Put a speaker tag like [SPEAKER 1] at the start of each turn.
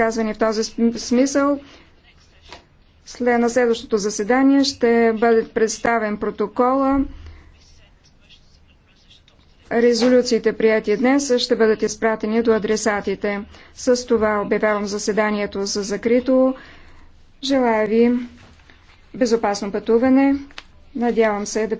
[SPEAKER 1] изказвания в този смисъл. След на следващото заседание ще бъде представен протокола. Резолюциите, прияти днес, ще бъдат изпратени до адресатите. С това обявявам заседанието за закрито. Желая ви безопасно
[SPEAKER 2] пътуване. Надявам се да